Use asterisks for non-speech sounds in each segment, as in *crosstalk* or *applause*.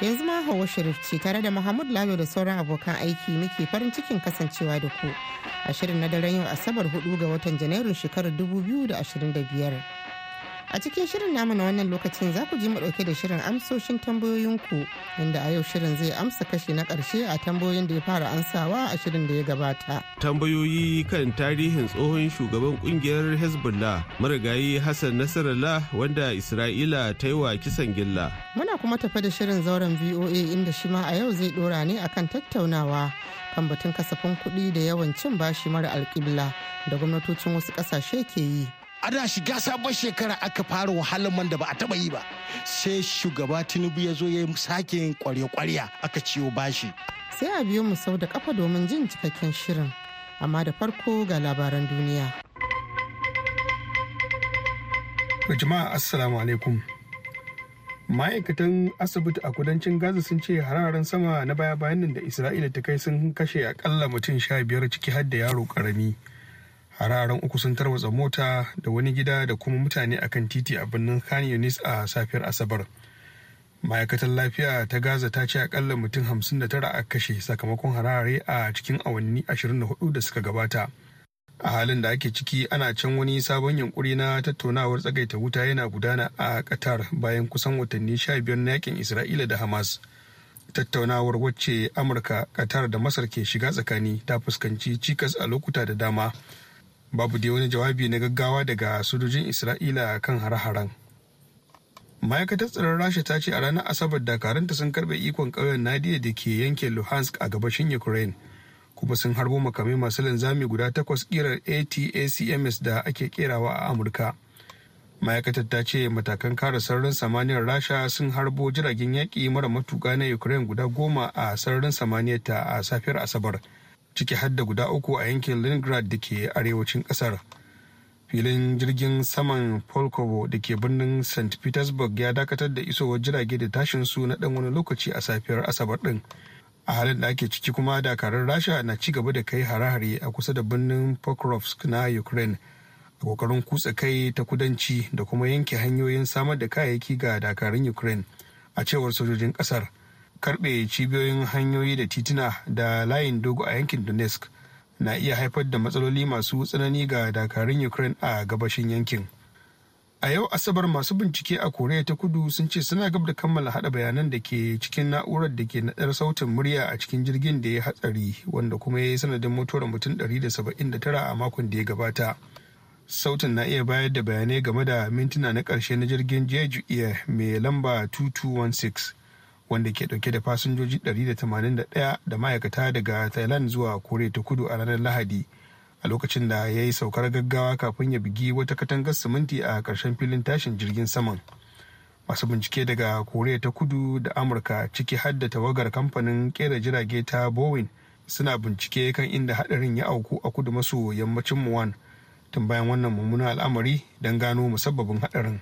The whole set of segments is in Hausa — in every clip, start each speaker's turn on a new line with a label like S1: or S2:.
S1: yanzu ma hawa sharif ce tare da muhammadu lalo da sauran abokan aiki muke farin cikin kasancewa da ku a shirin na daren yau asabar 4 ga watan janairun shekarar 2025 A cikin shirin namu na wannan lokacin za ku ji mu dauke da shirin amsoshin tambayoyinku inda a yau shirin zai amsa kashi na karshe a tambayoyin da ya fara ansawa a shirin da ya gabata.
S2: Tambayoyi kan tarihin tsohon shugaban kungiyar Hezbollah marigayi Hassan Nasarallah wanda Isra'ila ta yi wa kisan gilla.
S1: Muna kuma tafa da shirin zauren VOA inda shi ma a yau zai dora ne akan tattaunawa kan batun kasafin kuɗi da yawan cin bashi mara alƙibla da gwamnatocin wasu ƙasashe ke yi.
S3: ana shiga sabon shekara aka fara wahalar man da ba a taba yi ba sai shugaba tinubu ya zo ya sake kwarya-kwarya aka ciwo bashi
S1: sai a biyo mu sau da kafa domin jin cikakken shirin amma da farko ga labaran
S4: duniya jama'a assalamu alaikum ma'aikatan asibiti a kudancin gaza sun ce hararen sama na baya-bayan nan da isra'ila ta kai sun kashe akalla mutum sha biyar ciki har da yaro karami hararen uku sun tarwatsa mota da wani gida da kuma mutane a kan titi a birnin khan yunis a safiyar asabar ma'aikatar lafiya ta gaza ta ce akalla mutum hamsin da tara a kashe sakamakon harare a cikin awanni 24 da suka gabata a halin da ake ciki ana can wani sabon yunkuri na tattaunawar tsagaita wuta yana gudana a qatar bayan kusan watanni 15 na yakin isra'ila da hamas tattaunawar wacce amurka qatar da masar ke shiga tsakani ta fuskanci cikas a lokuta da dama babu dai wani jawabi na gaggawa daga sojojin isra'ila kan har-haren ma'aikatar tsaron rasha ta ce a ranar asabar dakarunta sun karbe ikon ƙauyen nadia da ke yankin luhansk a gabashin ukraine kuma sun harbo makamai masu linzami guda takwas kirar atacms da ake kerawa a amurka ma'aikatar ta ce matakan kare sararin samaniyar rasha sun harbo jiragen yaƙi mara matuka na ukraine guda goma a sararin samaniyar ta a safiyar asabar ciki har guda uku a yankin leningrad da ke arewacin kasar filin jirgin saman polkovo da ke birnin st petersburg ya dakatar da isowar jirage da tashin su na dan wani lokaci a safiyar asabar din a halin da ake ciki kuma dakarun rasha na ci gaba da kai hare-hare a kusa da birnin pokrovsk na ukraine a kokarin kutsa kai ta kudanci da kuma yanke hanyoyin samar da kayayyaki ga dakarun ukraine a cewar sojojin kasar karbe cibiyoyin hanyoyi da tituna da layin dogo a yankin donetsk na iya haifar da matsaloli masu tsanani ga dakarun ukraine a gabashin yankin a yau asabar masu bincike a koriya ta kudu sun ce suna gab da kammala hada bayanan da ke cikin na'urar da ke naɗar sautin murya a cikin jirgin da ya hatsari wanda kuma ya yi sanadin mutuwar mutum 179 a makon da ya gabata sautin na iya bayar da bayanai game da mintuna na karshe na jirgin jeju iya mai lamba 2216 wanda ke dauke da fasinjoji 181 da ma'aikata daga thailand zuwa kore ta kudu a ranar lahadi a lokacin da ya yi saukar gaggawa kafin ya bigi wata katangar siminti a ƙarshen filin tashin jirgin saman masu bincike daga koriya ta kudu da amurka ciki har da tawagar kamfanin kera jirage ta bowen suna bincike kan inda hadarin ya auku a kudu maso yammacin muwan tun bayan wannan mummunan al'amari don gano musabbabin hadarin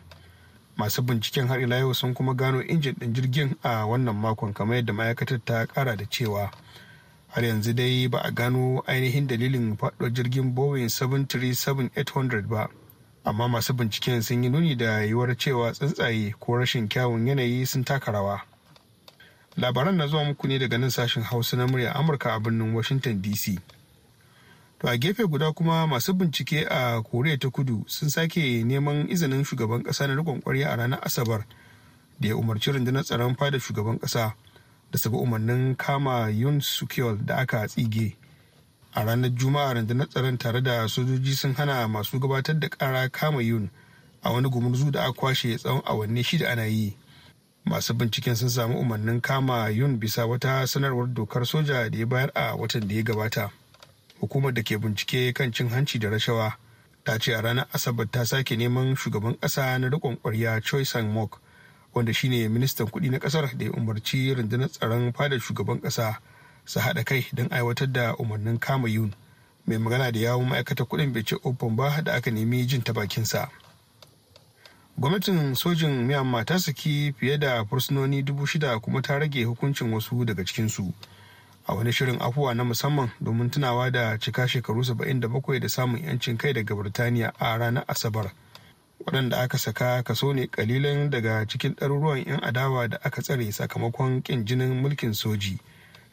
S4: masu binciken har ila yau sun kuma gano injin ɗin jirgin a wannan makon kamar yadda ma'aikatar ta kara da cewa har yanzu dai ba a gano ainihin dalilin faɗo jirgin boeing 737-800 ba amma masu binciken sun yi nuni da yiwuwar cewa tsuntsaye ko rashin kyawun yanayi sun taka rawa labaran na zuwa muku ne daga nan sashen hausa na murya amurka a birnin washington dc To a gefe guda kuma masu bincike a Koriya ta Kudu sun sake neman izinin shugaban ƙasa na riƙon a ranar Asabar da ya umarci rundunar tsaron fada shugaban ƙasa da sabu umarnin kama Yun Sukyol da aka tsige. A ranar Juma'a rundunar tsaron tare da sojoji sun hana masu gabatar da kara kama Yun a wani gumurzu da aka kwashe tsawon awanni shida ana yi. masu binciken sun samu umarnin kama yun bisa wata sanarwar dokar soja da ya bayar a watan da ya gabata. hukumar da ke bincike kan cin hanci da rashawa ta ce a ranar asabar ta sake neman shugaban ƙasa na riƙon ƙwarya choi sang mok wanda shine ministan kuɗi na ƙasar da ya umarci rundunar tsaron fadar shugaban ƙasa su haɗa kai don aiwatar da umarnin kama yun mai magana da yawon ma'aikatar kuɗin bai open ba da aka nemi jin ta bakinsa gwamnatin sojin myanmar ta saki fiye da fursunoni dubu shida kuma ta rage hukuncin wasu daga cikinsu. su a wani shirin afuwa na musamman domin tunawa da cika shekaru 77 da samun 'yancin kai daga birtaniya a ranar asabar waɗanda aka saka kaso ne kalilan daga cikin ɗaruruwan 'yan adawa da aka tsare sakamakon ƙin jinin mulkin soji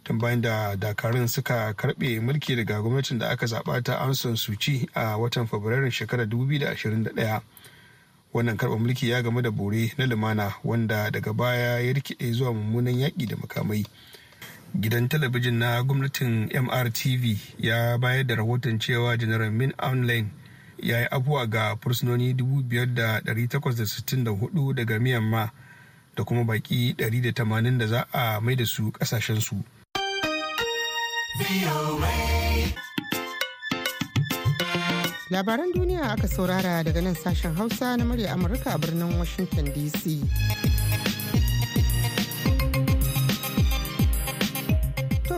S4: tun bayan da dakarun suka karɓe mulki daga gwamnatin da aka zaɓa ta an son suci a watan fabrairun shekarar 2021 wannan karɓa mulki ya gamu da bore na lumana wanda daga baya ya rikide zuwa mummunan yaƙi da makamai gidan talabijin na gwamnatin mrtv ya bayar da rahoton cewa janar min online ya yi abuwa ga fursunoni 5,864 daga miyamma da kuma baki 180 da za a mai da su kasashensu
S1: labaran duniya aka saurara daga nan sashen hausa na murya amurka a birnin washington dc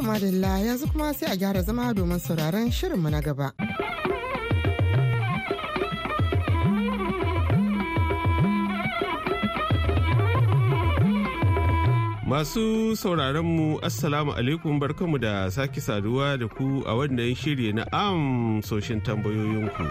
S1: madalla yanzu kuma sai a gyara zama domin sauraron mu na gaba.
S2: Masu sauraronmu Assalamu alaikum barkamu da sake saduwa da ku a wannan shirye na amsoshin tambayoyinku.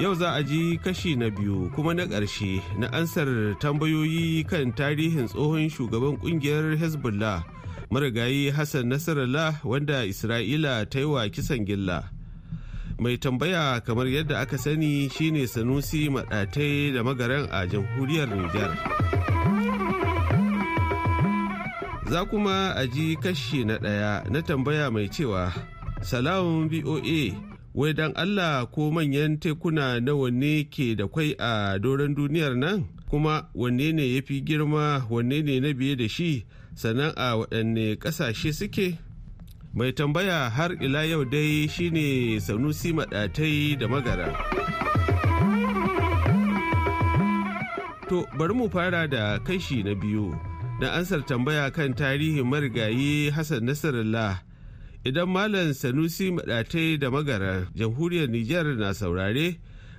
S2: Yau za a ji kashi na biyu kuma na ƙarshe na ansar tambayoyi kan tarihin tsohon shugaban ƙungiyar Hezbollah marigayi Hassan Nasarallah wanda Isra'ila ta yi wa kisan gilla. Mai tambaya kamar yadda aka sani shine Sanusi Maɗatai da magaran a jamhuriyar Nijar. Za kuma a ji kashi na ɗaya na tambaya mai cewa, Salamun BOA wai dan allah ko manyan tekuna nawa ne ke da kwai a doron duniyar nan kuma wanne ne ya fi girma wanne ne na biye da shi sannan a waɗanne ƙasashe suke mai tambaya har ila yau dai shine sanusi maɗatai da magara to bari mu fara da kashi na biyu na ansar tambaya kan tarihin marigayi hassan nasarallah idan malam sanusi maɗatai da magara jamhuriyar nijar na saurare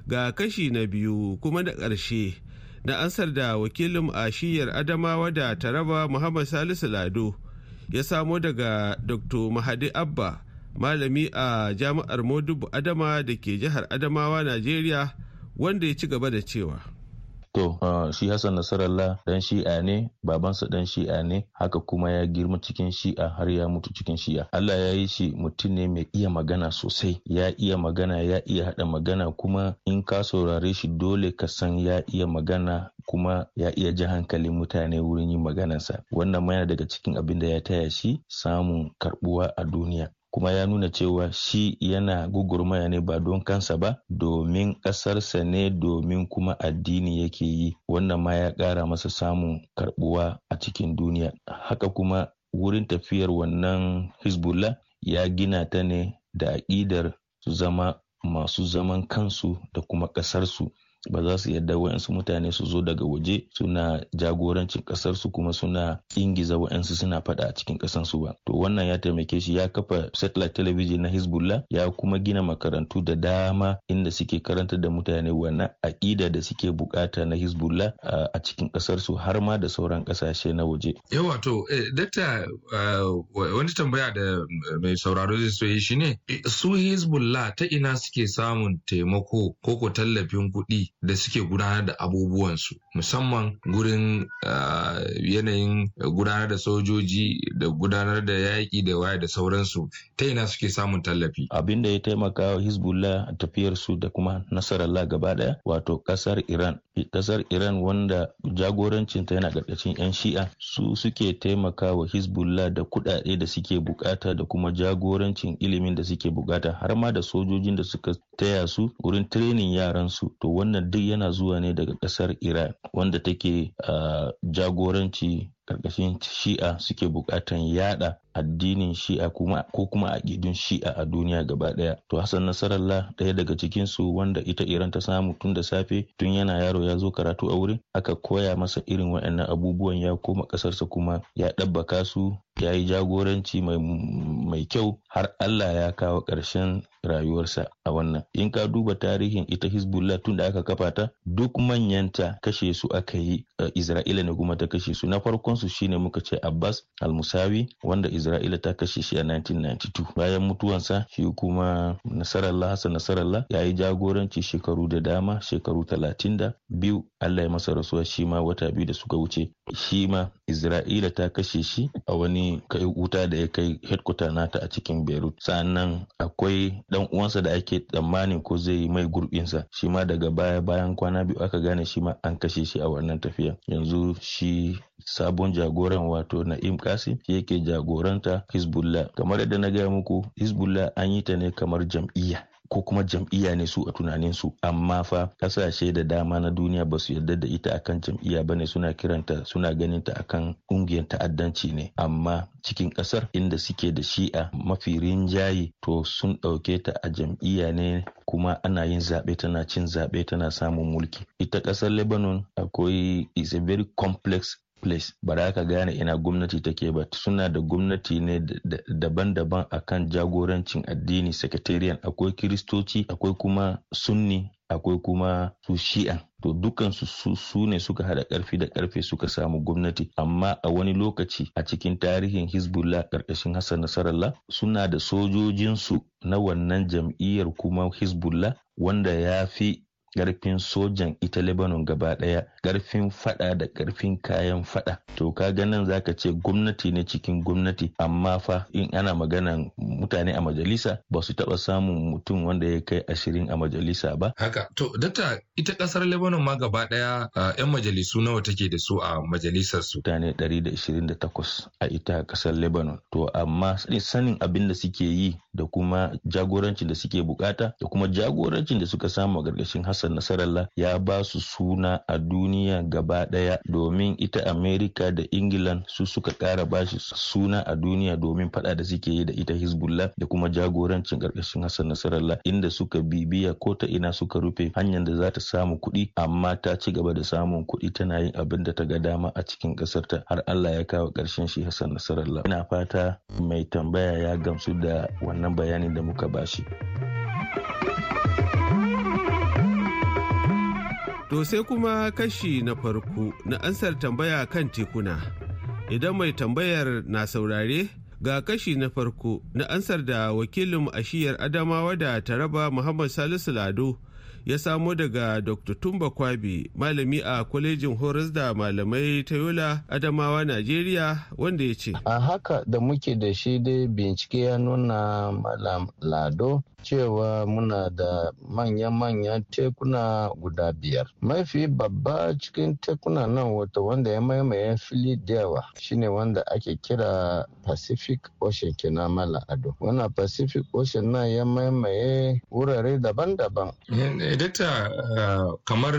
S2: ga kashi na biyu kuma na ƙarshe na ansar da wakilin ashiyar adamawa da taraba muhammad salisu lado ya samo daga dr mahadi abba malami a jami'ar modubu adama da ke jihar adamawa najeriya wanda ya ci gaba da cewa
S5: To ah, shi Hassan Nasarallah dan shi'a ne babansa dan shi'a ne haka kuma ya girma cikin shi'a har ya mutu cikin shi'a. Allah ya yi shi mutum ne mai iya magana sosai ya iya magana ya iya haɗa magana kuma in ka saurare shi dole ka san ya iya magana kuma ya iya ji hankalin mutane wurin yin maganarsa. Wannan ma yana daga cikin abin da ya taya shi samun karɓuwa a duniya. kuma ya nuna cewa shi yana gugurmaya ne ba don kansa ba domin ƙasarsa ne domin kuma addini yake yi wannan ma ya ƙara masa samun karbuwa a cikin duniya haka kuma wurin tafiyar wannan hezbollah ya gina ta ne da aƙidar zama masu zaman kansu da kuma ƙasarsu ba za su yarda wa'yansu mutane su zo daga waje suna jagorancin ƙasarsu, kuma suna ingiza wa'yansu suna faɗa a cikin ƙasarsu ba to wannan ya taimake shi ya kafa satellite television na hezbollah ya kuma gina makarantu da dama inda suke karanta da mutane wannan aƙida da suke bukata na hezbollah a cikin kasar har ma da sauran kasashe na waje
S6: yawa to eh, dakta wani tambaya da mai sauraro zai so yi ne, su hezbollah ta ina suke samun taimako ko ko tallafin kuɗi da suke gudanar da abubuwansu musamman gurin ah, yanayin gudanar da sojoji da gudanar da yaƙi da waya da sauransu ta ina suke samun tallafi
S5: abin da ya taimaka wa hezbollah a tafiyarsu da kuma nasarallah gaba daya wato ƙasar iran kasar iran wanda jagorancinta yana ƙarƙashin 'yan shi'a su suke taimaka wa hezbollah da kuɗaɗe da suke buƙata da kuma jagorancin ilimin da suke buƙata har ma da sojojin da suka taya su wurin trenin yaransu to wannan duk yana zuwa ne daga kasar iran wanda take jagoranci karkashin shi'a suke bukatan yada addinin shi'a kuma ko kuma aƙidun shi'a a duniya gaba daya to hassan nasarallah daya daga cikin su wanda ita iran ta samu tun da safe tun yana yaro ya zo karatu a wurin aka koya masa irin waɗannan abubuwan ya koma ƙasarsa kuma ya ɗabbaka su ya yi jagoranci mai kyau har Allah ya kawo ƙarshen rayuwarsa a wannan. In ka duba tarihin ita Hezbollah tun da aka kafa ta duk manyanta kashe su aka yi eh, Isra'ila ne kuma ta kashe su. Na farkon su shine muka ce Abbas Al-Musawi wanda Isra'ila ta kashe shi a 1992. Bayan mutuwansa shi kuma Nasarallah Hassan Nasarallah ya yi jagoranci shekaru da dama shekaru talatin da biyu Allah ya masa rasuwa shi ma wata biyu da suka wuce. Shi ma Isra'ila ta kashe shi a wani kai wuta da ya kai headquarter nata a cikin beirut sannan akwai dan uwansa da ake tsammanin ko zai yi mai gurbinsa shi ma daga baya bayan kwana biyu aka gane shi ma an kashe shi a wannan tafiya yanzu shi sabon jagoran wato na'im kasim shi yake jagoranta hezbollah kamar yadda na gaya muku hezbollah an yi ta ne kamar jam'iyya ko kuma jam'iyya ne su a tunanin su amma fa kasashe da dama na duniya ba su yarda da ita akan jam'iyya ba ne suna kiranta suna ganin ta akan kungiyar ta'addanci ne amma cikin kasar inda suke da shi'a mafi rinjaye to sun ɗauke ta a jam'iyya ne kuma ana yin zaɓe tana cin zaɓe tana samun mulki ita ƙasar lebanon akwai is a very complex place ba za ka gane ina gwamnati take ba suna da gwamnati ne daban-daban kan jagorancin addini secretarian akwai kiristoci akwai kuma sunni akwai kuma su shi'a to dukansu su, ne suka hada karfi da karfe suka samu gwamnati amma a wani lokaci a cikin tarihin hezbollah karkashin hassan nasarallah suna da sojojinsu na wannan jam'iyyar kuma hezbollah wanda ya fi karfin sojan ita lebanon gaba daya karfin fada da karfin kayan fada to kaga nan zaka ce gwamnati ne cikin gwamnati amma fa in ana maganan mutane a majalisa ba su taba samun mutum wanda ya kai ashirin a majalisa ba
S6: haka to data ita kasar lebanon ma gaba daya
S5: yan majalisu nawa take da su a majalisar su mutane 128 a ita kasar lebanon to amma sanin abin da suke yi da kuma jagorancin da suke bukata da kuma jagorancin da suka samu a gargashin Hassan Nasarallah ya ba su suna a duniya gaba daya domin ita Amerika da Ingilan su suka kara ba shi suna a duniya domin fada da suke yi da ita Hezbollah da kuma jagorancin gargashin Hassan Nasarallah inda suka bibiya ko ta ina suka rufe hanyar da za ta samu kuɗi amma ta ci gaba da samun kuɗi tana yin abin da ta ga dama a cikin ƙasarta. har Allah ya kawo ƙarshen shi Hassan Nasarallah ina fata mai tambaya ya gamsu da wannan wannan bayanin da muka bashi.
S2: To sai kuma kashi na farko na ansar tambaya kan tekuna. Idan mai tambayar na saurare ga kashi na farko na ansar da wakilin ashiyar Adamawa da Taraba Muhammad Salisu Lado ya samo daga dr tumba kwabi malami a kwalejin horas da malamai ta yola adamawa najeriya wanda ya ce
S7: a haka da muke da shi dai bincike ya nuna malam lado cewa muna da manya manya tekuna guda biyar. Mafi babba cikin tekuna nan wata wanda ya maimaye fili da yawa shine wanda ake kira Pacific Ocean kenan mala ado. Wana Pacific Ocean na ya maimaye wurare daban-daban.
S6: Eh, Dakta ah, kamar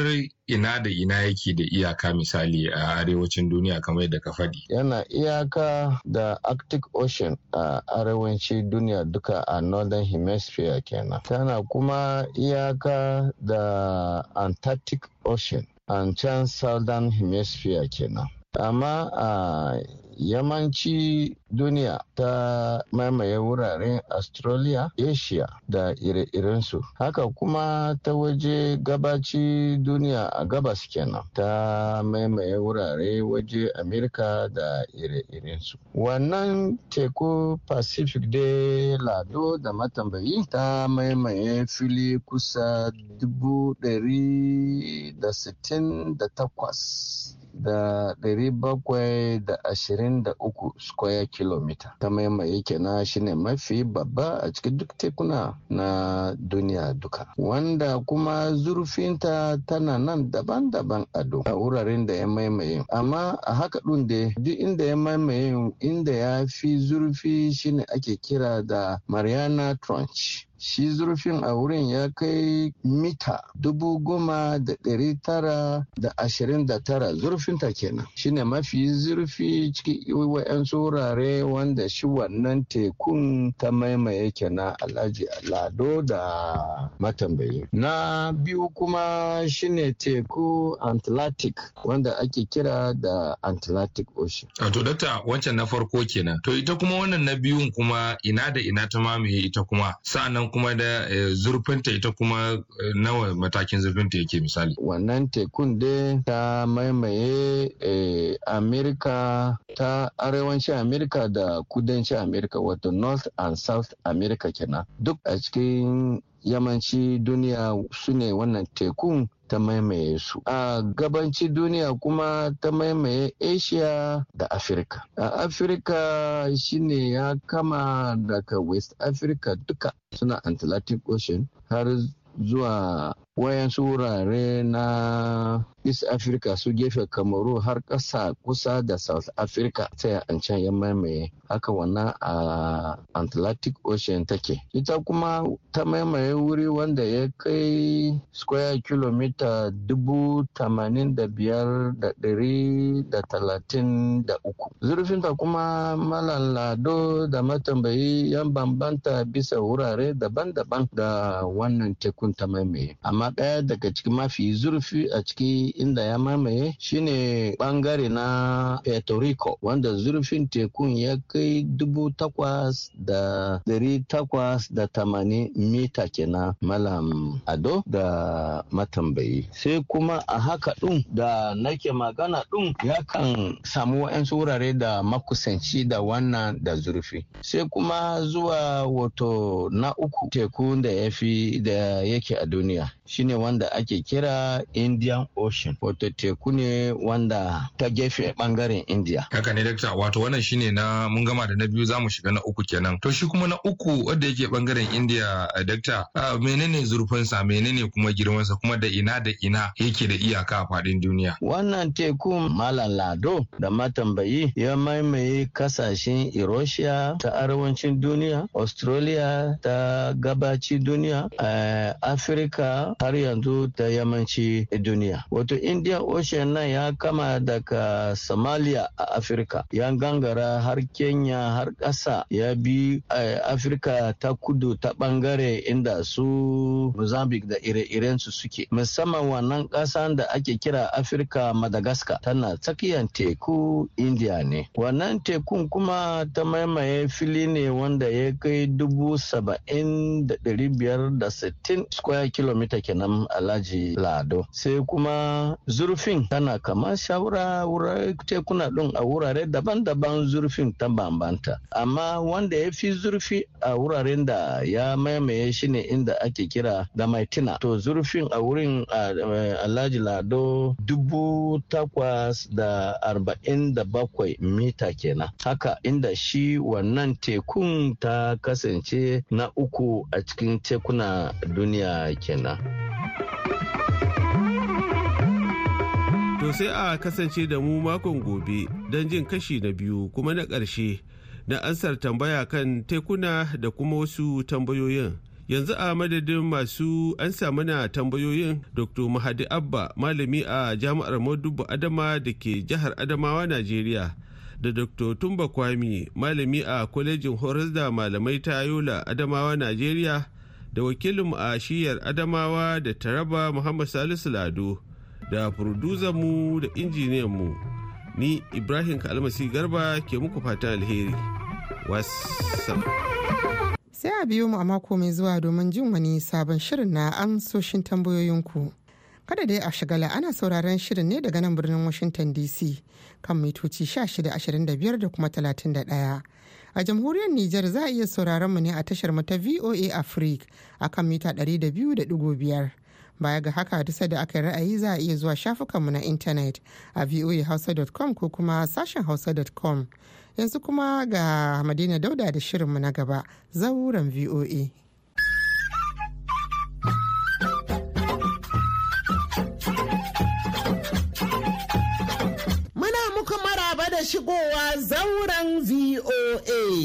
S6: ina da ina yake da iyaka misali a arewacin duniya kamar yadda ka faɗi. Yana iyaka da Arctic Ocean a arewacin duniya duka a Northern Hemisphere
S7: kenan. Tana kuma iyaka da Antarctic Ocean a can Southern Hemisphere kenan. amma a yamanci duniya ta mamaye wuraren australia asia da ire-irensu haka kuma ta waje gabaci duniya a gabas kenan ta maimaye wurare waje amerika da ire-irensu wannan teku pacific de lado da matambayi ta maimaye fili kusa 168 da ɗari bakwai da ashirin da uku square kilometer ta maimaye kenan shine mafi babba a cikin duk tekuna na duniya duka wanda kuma zurfinta tana nan daban-daban a a wuraren da ya maimaye amma a haka ɗin da duk inda ya maimaye inda ya fi zurfi shine ake kira da mariana trench shi zurfin a wurin ya kai mita dubu goma da ɗari tara da ashirin da tara zurfin ta kenan shine mafi zurfi cikin wa'yansu wurare wanda shi wannan tekun ta maimaye kenan alhaji lado da matambayi na biyu kuma shine teku
S6: atlantic wanda ake kira da atlantic ocean A to data wancan na farko kenan to ita kuma wannan na biyun kuma ina da ina ta mamaye ita kuma sa'annan kuma da eh, zurfinta ita kuma eh, nawa matakin zurfinta yake misali. Wannan tekun
S7: dai ta maimaye eh, Amerika ta arewacin Amerika da kudancin Amerika wato North and South America kenan. Duk a cikin yamanci duniya su ne wannan tekun ta maimaye su a gabanci duniya kuma ta maimaye asia da afirka a afirka shine ya kama daga west africa duka suna atlantic ocean har zuwa wayansu wurare na East Africa su gefe Kamaru har kasa kusa da South Africa sai an can ya maimaye haka wannan a Atlantic Ocean take. Ita kuma ta maimaye wuri wanda ya kai square kilomita dubu tamanin da biyar da ɗari da talatin da uku. Zurfinta kuma malalado lado da matambayi yan bambanta bisa wurare daban-daban da wannan teku. kun ta amma ɗaya daga cikin mafi zurfi a ciki inda ya mamaye shine bangare na puerto rico wanda zurfin tekun ya kai dubu takwas da dari takwas da tamanin mita kenan malam ado da matambayi sai kuma a haka ɗin da nake magana ɗin ya kan samu wa'yansu wurare da makusanci da wannan da zurfi sai kuma zuwa wato na uku tekun da ya fi da yake a duniya shine wanda ake kira Indian Ocean wato teku ne wanda ta gefe bangaren India.
S6: Haka ne dakta wato wannan shine na mun gama da na biyu zamu shiga na uku kenan. To shi kuma na uku wanda yake bangaren India dakta menene zurfinsa menene kuma girmansa kuma da ina da ina yake da iyaka a faɗin duniya.
S7: Wannan teku Malam Lado da matambayi ya maimaye kasashen Eurasia ta arewacin duniya, Australia ta gabaci duniya, eh, afirka har yanzu ta yamanci duniya wato indian ocean nan ya kama daga somalia a afirka ya gangara har kenya har ƙasa ya bi eh, afirka ta kudu ta bangare inda su mozambique da ire-irensu suke musamman wannan ƙasan da ake kira afirka madagascar tana tsakiyar teku india ne wannan tekun kuma ta maimaye fili ne wanda ya kai dubu saba'in da ɗari biyar da sittin square kilometer kenan alaji lado sai kuma zurfin tana kama shawara wurare tekuna din a wurare daban-daban zurfin ta bambanta amma wanda ya fi zurfi a wuraren da ya maimaye shi ne inda ake kira da maitina to zurfin a wurin eh, alaji lado dubu takwas da arba'in da bakwai mita kenan haka inda shi wannan tekun ta kasance na uku a cikin
S2: tekuna duniya duniya kenan. To sai a kasance da mu makon gobe don jin kashi na biyu kuma na ƙarshe na ansar tambaya kan tekuna da kuma wasu tambayoyin. yanzu a madadin masu an samu tambayoyin dr mahadi abba malami a jami'ar madubu adama da ke jihar adamawa najeriya da dr tumba kwami malami a kwalejin horas da malamai ta yola adamawa najeriya da wakilin a shiyar adamawa da taraba muhammad salisu lado da mu da mu ni ibrahim kalmasi garba ke muku fatan alheri wasan
S1: sai a biyo mu a mako mai zuwa domin jin wani sabon shirin na amsoshin tambayoyinku kada dai a shigala ana sauraron shirin ne daga nan birnin washington dc kan mitoci 1625 da kuma 31 A jamhuriyar Nijar za a iya sauraron mu ne a tashar mu ta VOA Africa a kan mita 200.5. Baya ga haka dusa da aka ra'ayi za a iya zuwa shafukanmu na intanet a voahausa.com ko kuma sashen hausa.com. Yanzu kuma ga Madina Dauda da shirinmu na gaba, zauren VOA.
S8: shigowa zauren VOA.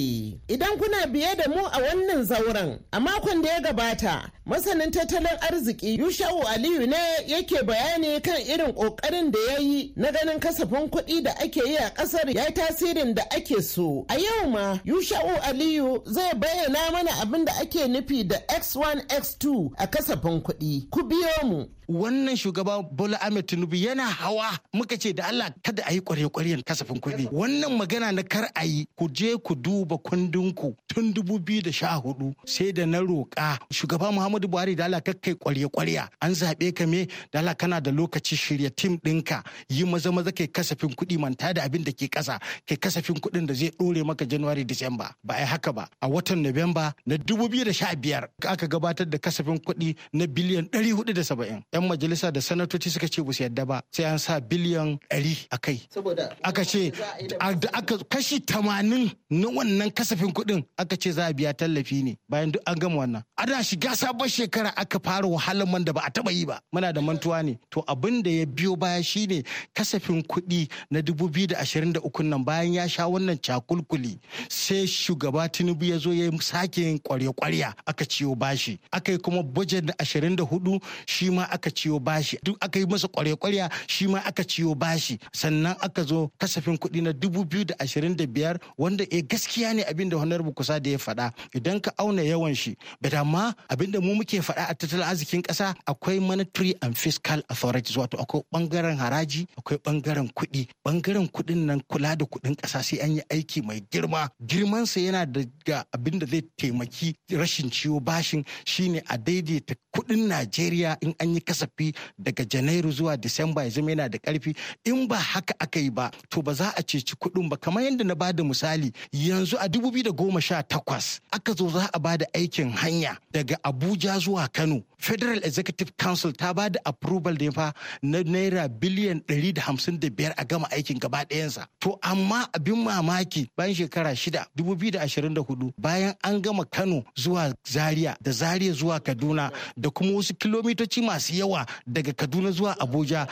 S8: Idan kuna biye da mu a wannan zauren, a makon da ya gabata, masanin tattalin arziki Yusha'u Aliyu ne yake bayani kan irin kokarin da ya yi na ganin kasafin kuɗi da ake yi a ƙasar ya tasirin da ake so. A yau ma, Yusha'u Aliyu zai bayyana mana abin da ake nufi da
S3: X1 X2 a kasafin kuɗi. Ku biyo mu. Wannan shugaba Bola Ahmed Tinubu yana hawa muka ce da Allah kada a yi kwarye-kwaryen kasafin kuɗi. wannan magana na kar a yi ku je ku duba kundinku tun hudu sai da na roƙa shugaba Muhammadu Buhari da Allah kai kwarya-kwarya an zaɓe ka me da Allah kana da lokaci shirya tim ɗinka yi maza maza kai kasafin kuɗi manta da abin da ke ƙasa kai kasafin kuɗin da zai ɗore maka January December ba a yi haka ba a watan November na 2015 aka gabatar da kasafin kuɗi na biliyan 470 'yan majalisa da sanatoci suka ce ba su yadda ba sai an sa biliyan 100 a kai aka ce da aka kashi tamanin na wannan kasafin kuɗin aka ce za a biya tallafi ne bayan duk an gama wannan ana shiga sabon shekara aka fara wahalar man da ba a taba yi ba muna da mantuwa ne to abin da ya biyo baya shine kasafin kuɗi na 2023 nan bayan ya sha wannan cakulkuli sai shugaba tinubu ya zo ya yi sake yin kwarya-kwarya aka ciyo bashi aka yi kuma ashirin na 24 shi ma aka ciyo bashi duk aka yi masa kwarya-kwarya shi ma aka ciyo bashi sannan aka zo kasafin kuɗi kuɗi na biyar wanda e gaskiya ne abin da honorable kusa da ya faɗa idan ka auna yawan shi but ma abin da mu muke faɗa a tattalin arzikin ƙasa akwai monetary and fiscal authorities wato akwai bangaren haraji akwai bangaren kuɗi bangaren kuɗin nan kula da kuɗin ƙasa sai an yi aiki mai girma Girman sa yana daga abin da zai taimaki rashin ciwo bashin shine a daidaita kuɗin najeriya in an yi kasafi daga janairu zuwa disamba ya zama yana da ƙarfi in ba haka aka yi ba to ba za a ceci kuɗin ba kamar yadda na bada misali yanzu a 2018 aka zo za a bada aikin hanya daga Abuja zuwa Kano Federal Executive Council ta bada approval da fa na naira biliyan 155 a gama aikin gaba ɗayansa to amma abin mamaki bayan shekara shida 2024 bayan an gama Kano zuwa Zaria da Zaria zuwa Kaduna da kuma wasu kilomitoci masu yawa daga Kaduna zuwa Abuja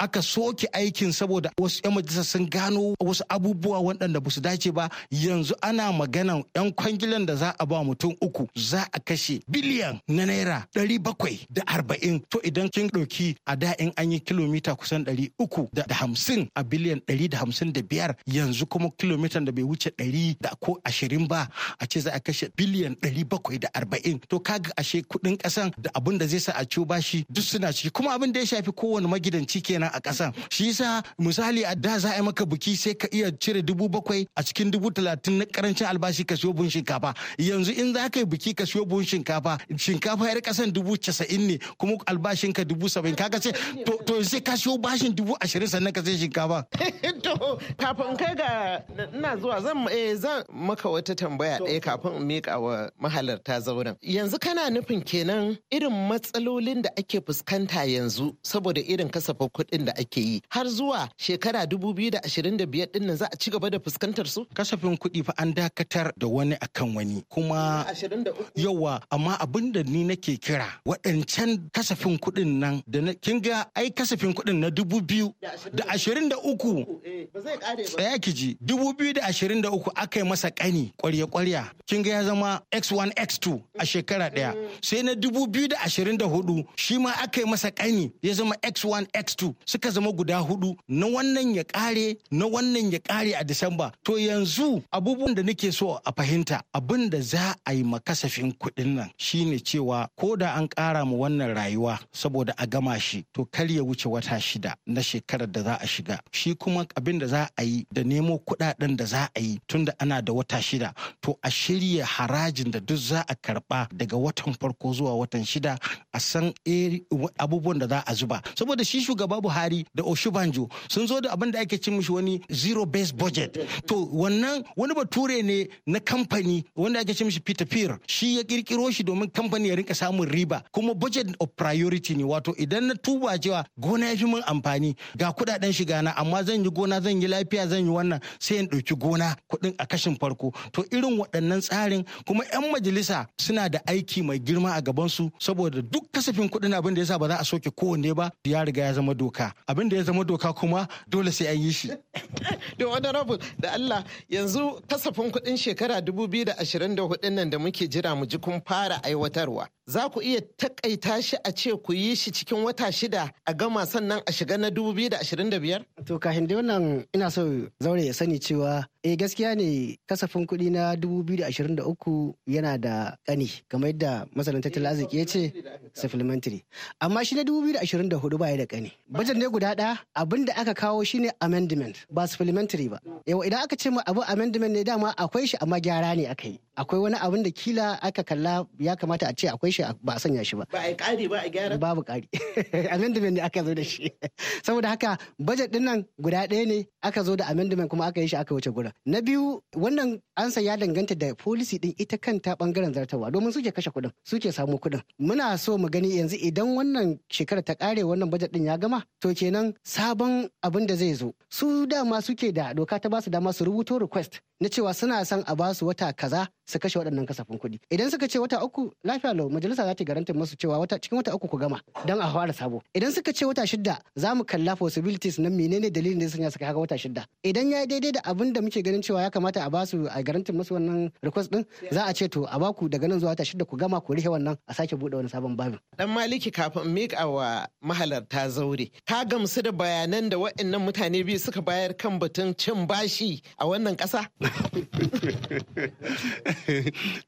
S3: aka soke aikin saboda wasu 'yan majalisar sun gano wasu abubuwa waɗanda ba su dace ba yanzu ana maganan 'yan kwangilan da za a ba mutum uku za a kashe biliyan na naira ɗari bakwai da arba'in to idan kin ɗauki a da in an yi kilomita kusan ɗari uku da hamsin a biliyan ɗari da hamsin da biyar yanzu kuma kilomitan da bai wuce ɗari da ko ashirin ba a ce za a kashe biliyan ɗari bakwai da arba'in to kaga ashe kuɗin ƙasan da abin da zai sa a ciwo bashi duk suna ciki kuma abin da ya shafi kowane magidanci kenan a ƙasar shi yasa misali a da za a yi maka buki sai ka iya cire dubu bakwai a cikin dubu talatin na karancin albashi ka siyo buhun shinkafa yanzu in za ka yi buki ka siyo buhun shinkafa shinkafa yar ƙasan dubu casa'in ne kuma albashin ka dubu saba'in kaga ce to sai ka siyo bashin dubu ashirin sannan ka sai shinkafa. *laughs* to kafin kai
S8: ga ina zuwa zan eh, zan maka wata tambaya ɗaya kafin in miƙa wa mahalarta zauren yanzu kana nufin kenan irin matsalolin da ake fuskanta yanzu saboda irin kasafin kuɗin aikin da
S3: ake yi har zuwa shekara 2025 din nan za a ci gaba da fuskantar su kasafin kuɗi fa an dakatar da wani akan wani kuma yawa amma abin da ni nake kira waɗancan kasafin kuɗin nan da kin ga ai kasafin kuɗin na dubu biyu da ashirin da uku eh, tsaya ki ji dubu biyu da ashirin da uku aka yi masa ƙani ƙwarya-ƙwarya kin ga ya zama x1 x2 a shekara ɗaya mm. sai na dubu biyu da ashirin da hudu shi ma aka yi masa ƙani ya zama x1 x2 suka zama guda hudu na wannan ya kare na wannan ya kare a disamba to yanzu abubuwan da nake so a fahimta abin da za a yi makasafin kuɗin nan shine cewa ko da an ƙara mu wannan rayuwa saboda a gama shi to kar ya wuce wata shida na shekarar da za a shiga shi kuma abin da za a yi da nemo kuɗaɗen da za a yi da ana da wata shida to a shirya harajin da duk za a karɓa daga watan farko zuwa watan shida a san eh, abubuwan da za a zuba saboda shi shugaba buhari da oshubanjo sun zo da abin da ake cin mishi wani zero based budget to wannan wani bature ne na kamfani wanda ake cin mishi peter peer shi ya kirkiro shi domin kamfani ya rinka samun riba kuma budget of priority ne wato idan na tuba cewa gona ya fi min amfani ga kuɗaɗen shiga na amma zan yi gona zan yi lafiya zan yi wannan sai in ɗauki gona kuɗin a kashin farko to irin waɗannan tsarin kuma 'yan majalisa suna da aiki mai girma a gabansu saboda duk kasafin kuɗin abin da ya sa ba za a soke kowanne ba ya riga ya zama doka doka abin da ya zama doka kuma dole sai an yi shi da *laughs* honorable da Allah yanzu
S8: kasafin kuɗin shekara 2024 nan da muke jira mu ji kun fara aiwatarwa za ku iya takaita shi a ce ku yi shi cikin wata shida a gama sannan a shiga na 2025?
S9: To kafin da wannan ina so zaure ya sani cewa eh gaskiya ne kasafin kuɗi na 2023 yana da ƙani kamar yadda masanin tattalin arziki ya ce supplementary amma shi na 2024 ba ya da ƙani Bajan ne guda ɗaya abin da aka kawo shi ne amendment ba supplementary ba yawa idan aka ce ma abu amendment ne dama akwai shi amma gyara ne aka yi akwai wani abin da kila aka kalla ya kamata a ce akwai shi shi ba a sanya shi ba ba a ƙari ba a gyara babu ƙari *laughs* amendment ne aka zo da shi *laughs* saboda haka budget din nan guda ɗaya ne aka zo da amendment kuma aka yi shi aka wuce gura. na biyu wannan ansa ya danganta da policy din ita kanta bangaren zartarwa domin suke kashe kuɗin suke samu kuɗin muna so mu gani yanzu idan wannan shekarar ta ƙare wannan budget din ya gama to kenan sabon abin da zai zo su dama suke da doka ta ba su dama su rubuto request na cewa suna son a basu wata kaza su kashe waɗannan kasafin kuɗi idan suka ce wata uku lafiya lau majalisa za ta garantin musu cewa wata cikin wata uku ku gama don a fara sabo idan suka ce wata shida za mu kalla possibilities na menene dalilin da sun suka haka wata shida idan ya daidai da abin da muke ganin cewa ya kamata a basu a garantin musu wannan request din za a ce to a baku daga nan zuwa wata shida ku gama ku rihe wannan a sake buɗe wani sabon babin
S8: dan maliki kafin mika wa mahalarta zaure ka gamsu da bayanan da waɗannan mutane biyu suka bayar kan batun cin bashi a wannan ƙasa *laughs*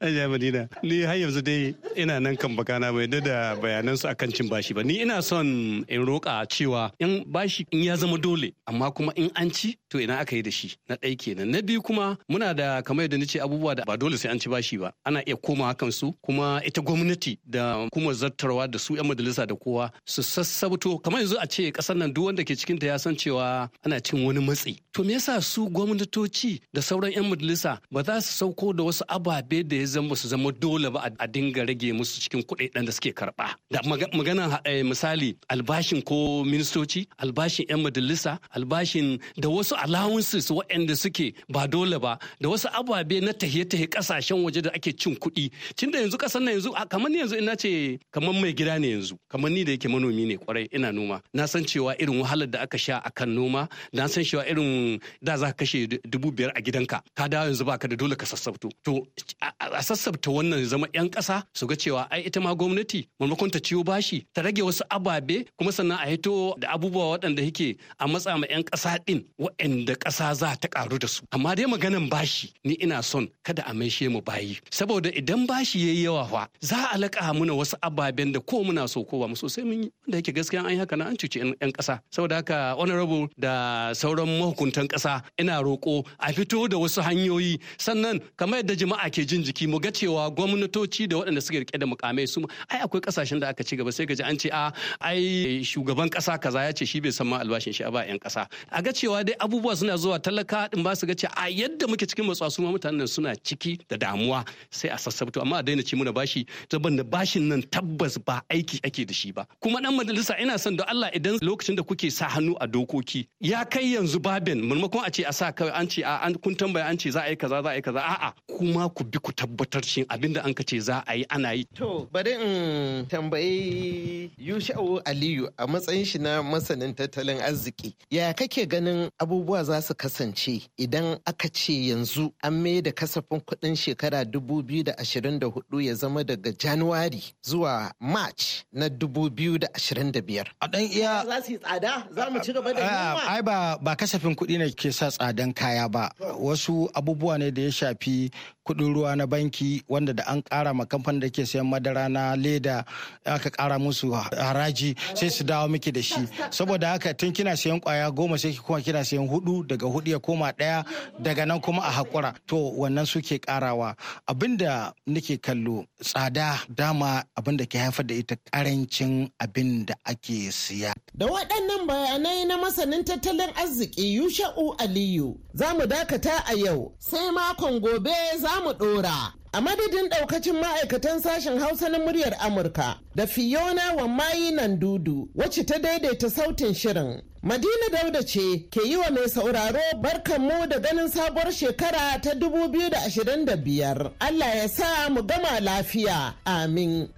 S10: Ajiya Madina, ni har yanzu dai ina nan kan bakana bai da da bayanansu akan cin bashi ba. Ni ina son in roƙa cewa in bashi in ya zama dole, amma kuma in an ci to ina aka yi da shi na ɗai kenan. Na biyu kuma muna da kamar yadda nace abubuwa da ba dole sai an ci bashi ba. Ana iya koma hakan su kuma ita gwamnati da kuma zartarwa da su 'yan majalisa da kowa su sassabto kamar yanzu a ce ƙasar nan duk wanda ke cikinta ya san cewa ana cin wani matsi to me yasa su gwamnatoci da sauran 'yan majalisa ba za su sauko da wasu ababe da ya zama su zama dole ba a dinga rage musu cikin kuɗaɗen da suke karɓa da maganan eh, misali albashin ko ministoci albashin 'yan majalisa albashin da wasu allowances waɗanda suke ba dole ba da wasu ababe na tahiye-tahiye ƙasashen waje da ake cin kuɗi tun da yanzu ƙasar nan yanzu kamar ni yanzu ina ce kamar mai gida ne yanzu kamar ni da yake manomi ne kwarai ina noma na san cewa irin wahalar da aka sha akan noma na san cewa irin da za ka kashe dubu biyar a gidanka ka dawo yanzu baka da dole ka sassabtu. to a sassabta wannan zama yan kasa su ga cewa ai ita ma gwamnati maimakon ta ciwo bashi ta rage wasu ababe kuma sannan a hito da abubuwa waɗanda yake a matsa ma yan kasa ɗin waɗanda ƙasa za ta ƙaru da su amma dai maganan bashi ni ina son kada a maishe mu bayi saboda idan bashi yayi yawa fa za a laƙa muna wasu ababen da ko muna so ko ba mu sosai mun yi wanda yake gaskiya an yi haka na an cuci yan ƙasa saboda haka honorable da sauran mahukunta mahukuntan ƙasa ina roƙo a fito da wasu hanyoyi sannan kamar yadda jama'a ke jin jiki mu ga cewa gwamnatoci da waɗanda suka rike da mukamai su ai akwai ƙasashen da aka ci gaba sai ka an ce a ah, ai shugaban ƙasa kaza ya ce shi bai san ma albashin shi a ba 'yan ƙasa a ga cewa dai abubuwa suna zuwa talaka din ba su ga cewa a yadda muke cikin matsuwa su ma mutanen suna ciki da damuwa sai a sassabto amma a daina ci muna bashi saboda bashin nan tabbas ba aiki ake da shi ba kuma dan majalisa ina son da Allah idan lokacin da kuke sa hannu a dokoki ya kai yanzu babin maimakon a ce a sa kawai an ce a an kun tambaya an ce za a yi kaza za a yi kaza a'a kuma ku bi ku tabbatar shin abinda an ka ce za a yi ana yi to bari
S8: in tambayi Yusha'u Aliyu a matsayin shi na masanin tattalin arziki ya kake ganin abubuwa za su kasance idan aka ce yanzu an mai da kasafin kuɗin shekara 2024 ya zama daga Januwari zuwa March na 2025 a dan iya za su yi tsada za mu ci gaba
S3: da ah, ai ba kasafin kuɗi kuɗi ne ke sa tsadan kaya ba wasu abubuwa ne da ya shafi kuɗin ruwa na banki wanda da an ƙara ma kamfanin da ke sayan madara na leda aka kara musu haraji sai su dawo miki da shi saboda haka tun kina sayan kwaya goma sai kuma kina sayan hudu daga hudu ya koma ɗaya daga nan kuma a hakura to wannan suke ƙarawa abinda nake kallo tsada dama abinda ke haifar da ita karancin abin da ake siya
S8: da waɗannan bayanai na masanin tattalin arziki yusha'u aliyu za mu dakata a yau sai makon gobe za mu ɗora. A madadin ɗaukacin ma'aikatan sashen Hausa na muryar Amurka da Fiona Wammayi Nandudu wacce ta daidaita sautin shirin. Madina Dauda ce ke yi wa mai sauraro barkanmu da ganin sabuwar shekara ta 2025. Allah ya sa mu gama lafiya. Amin.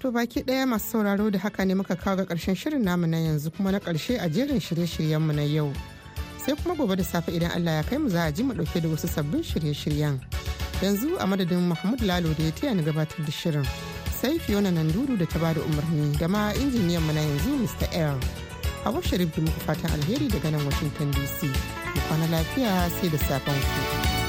S8: To
S1: baki ɗaya masu sauraro da haka ne muka kawo ga ƙarshen shirin namu na yanzu kuma na ƙarshe a jerin shirye-shiryenmu na yau. sai kuma gobe da safe idan Allah ya kai mu za a ji mu dauke da wasu sabbin shirye-shiryen. Yanzu a madadin Mahmud Lalo da ya taya ni gabatar da shirin. Sai Fiona Nanduru da ta ba da umarni da ma injiniyan mu na yanzu Mr. L. Abu Sharif da muka fatan alheri daga nan Washington DC. Mu kwana lafiya sai da safen ku.